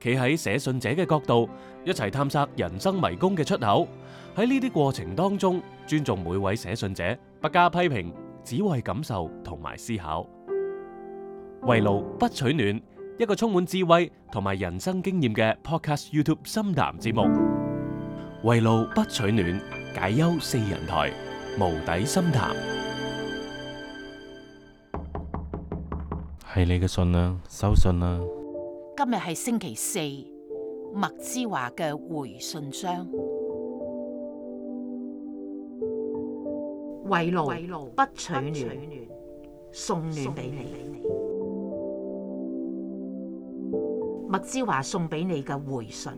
企喺寫信者嘅角度，一齊探索人生迷宮嘅出口。喺呢啲過程當中，尊重每位寫信者，不加批評，只為感受同埋思考。為路不取暖，一個充滿智慧同埋人生經驗嘅 Podcast YouTube 深談節目。為路不取暖，解憂四人台，無底深談。係你嘅信啊，收信啊！今日係星期四，麥之華嘅回信箱，圍爐不取暖，送暖俾你。麥之華送俾你嘅回信，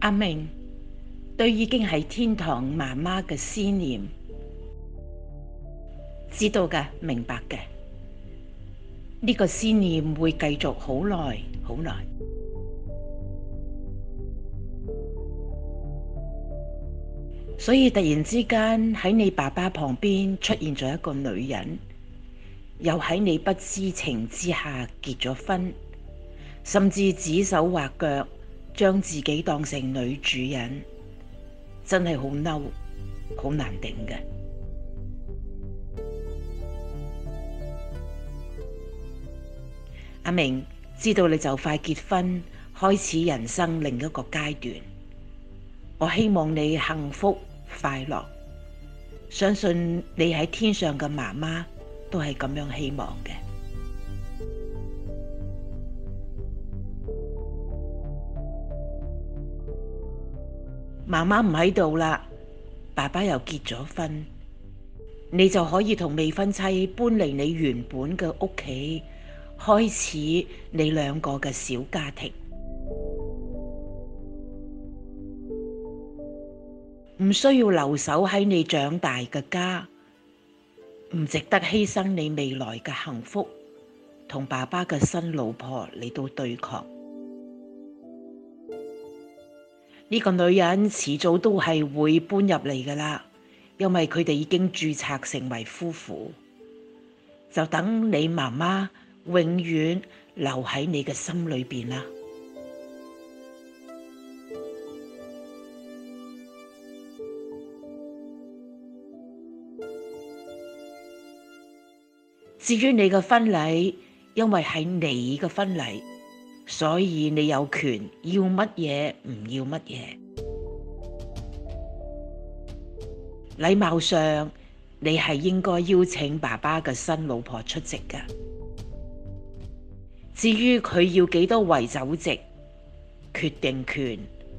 阿明。」對，已經係天堂媽媽嘅思念，知道嘅，明白嘅，呢個思念會繼續好耐好耐。所以突然之間喺你爸爸旁邊出現咗一個女人，又喺你不知情之下結咗婚，甚至指手畫腳，將自己當成女主人。真係好嬲，好難頂嘅。阿明，知道你就快結婚，開始人生另一個階段，我希望你幸福快樂，相信你喺天上嘅媽媽都係咁樣希望嘅。媽媽唔喺度啦，爸爸又結咗婚，你就可以同未婚妻搬離你原本嘅屋企，開始你兩個嘅小家庭。唔需要留守喺你長大嘅家，唔值得犧牲你未來嘅幸福，同爸爸嘅新老婆嚟到對抗。呢個女人遲早都係會搬入嚟噶啦，因為佢哋已經注冊成為夫婦，就等你媽媽永遠留喺你嘅心裏邊啦。至於你嘅婚禮，因為係你嘅婚禮。所以你有權要乜嘢唔要乜嘢。禮貌上，你係應該邀請爸爸嘅新老婆出席噶。至於佢要幾多圍酒席，決定權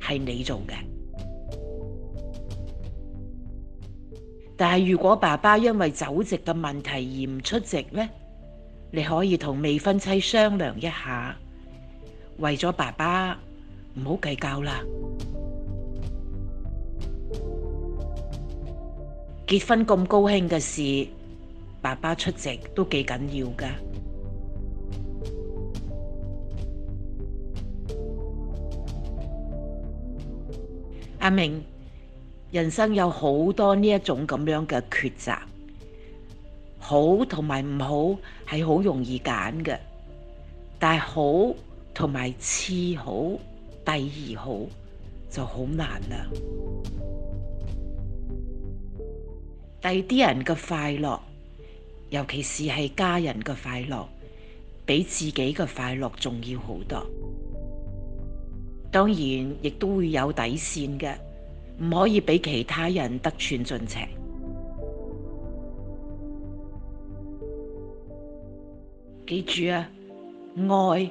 係你做嘅。但係如果爸爸因為酒席嘅問題而唔出席呢，你可以同未婚妻商量一下。為咗爸爸唔好計較啦，結婚咁高興嘅事，爸爸出席都幾緊要㗎。 阿明，人生有好多呢一種咁樣嘅抉擇，好同埋唔好係好容易揀㗎，但係好，同埋次好、第二好就好難啦。第啲人嘅快樂，尤其是係家人嘅快樂，比自己嘅快樂重要好多。當然亦都會有底線嘅，唔可以俾其他人得寸進尺。記住啊，愛。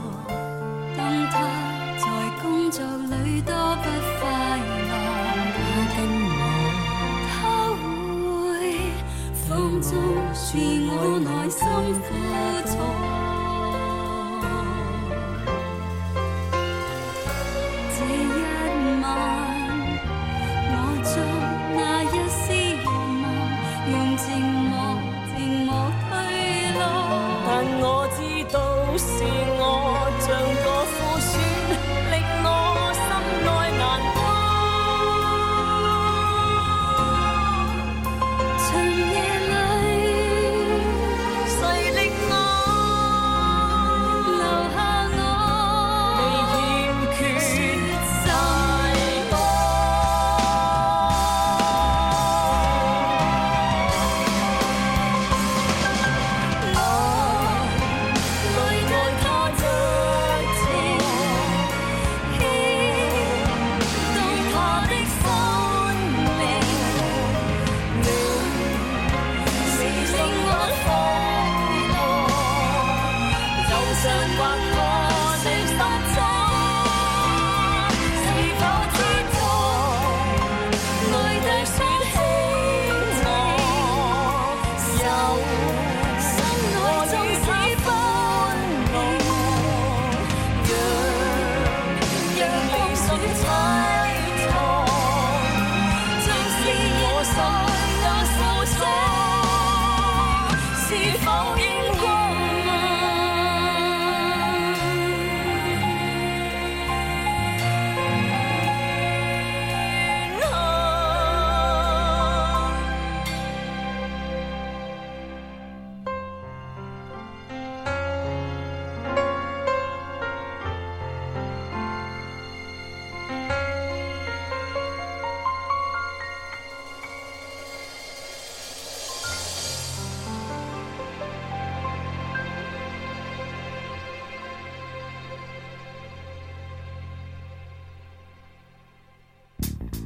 是我內心火。